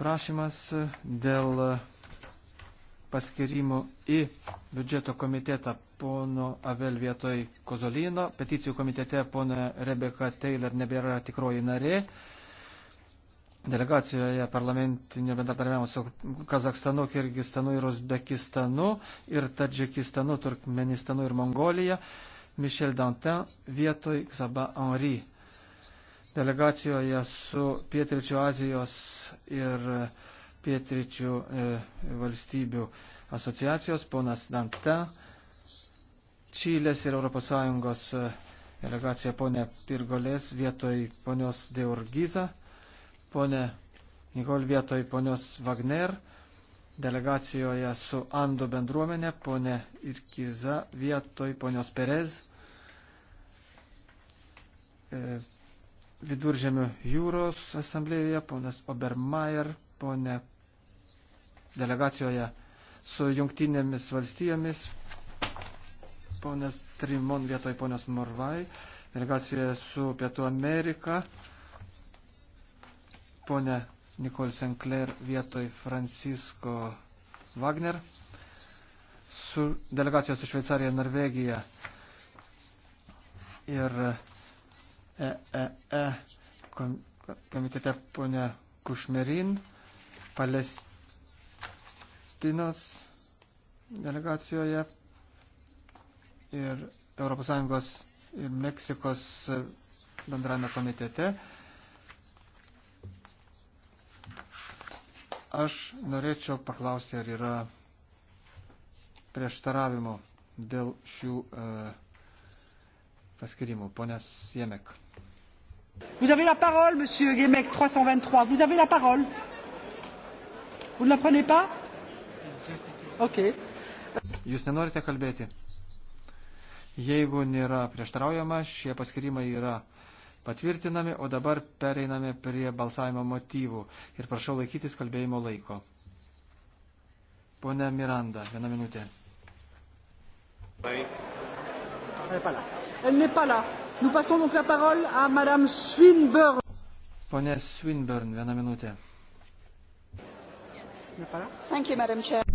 prašymas dėl paskirimo į biudžeto komitetą pono Avel vietoj Kozolino. Peticijų komitete pona Rebeka Taylor nebėra tikroji narė. Delegacijoje parlamentinio bendradarbiavimo su Kazakstanu, Kirgistanu ir Uzbekistanu ir Tadžikistanu, Turkmenistanu ir Mongolija. Michel Dantin vietoj Xaba Henry delegacijoje su Pietričių Azijos ir Pietričių e, valstybių asociacijos, ponas Danta, Čilės ir ES e, delegacija ponė Pirgolės vietoj ponios Deurgiza, ponė Nikol vietoj ponios Wagner, delegacijoje su Ando bendruomenė, ponė Irkiza vietoj ponios Perez. E, Viduržėmio jūros asamblėje, ponas Obermeier, ponė delegacijoje su jungtinėmis valstijomis, ponas Trimon vietoj ponios Morvai, delegacijoje su Pietų Amerika, ponė Nicole Sinclair vietoj Francisco Wagner, su delegacijos su Šveicarija ir Norvegija ir EES komitete ponia Kušmerin, Palestinos delegacijoje ir ES ir Meksikos bendrame komitete. Aš norėčiau paklausti, ar yra prieštaravimo dėl šių e, paskirimų. Ponas Jemek. Vous avez la parole, monsieur Guémec 323. Vous avez la parole. Vous ne la prenez pas Ok. Jūs nenorite kalbėti? Jeigu nėra prieštaraujama, šie paskirimai yra patvirtinami, o dabar pereiname prie balsavimo motyvų. Ir prašau laikytis kalbėjimo laiko. Pone Miranda, vieną minutę. Elle n'est pas là. Elle n'est pas là. Nous passons donc la parole à Madame Swinburne. Ponia Swinburne, vieną minutę. Thank you, Madam Chair.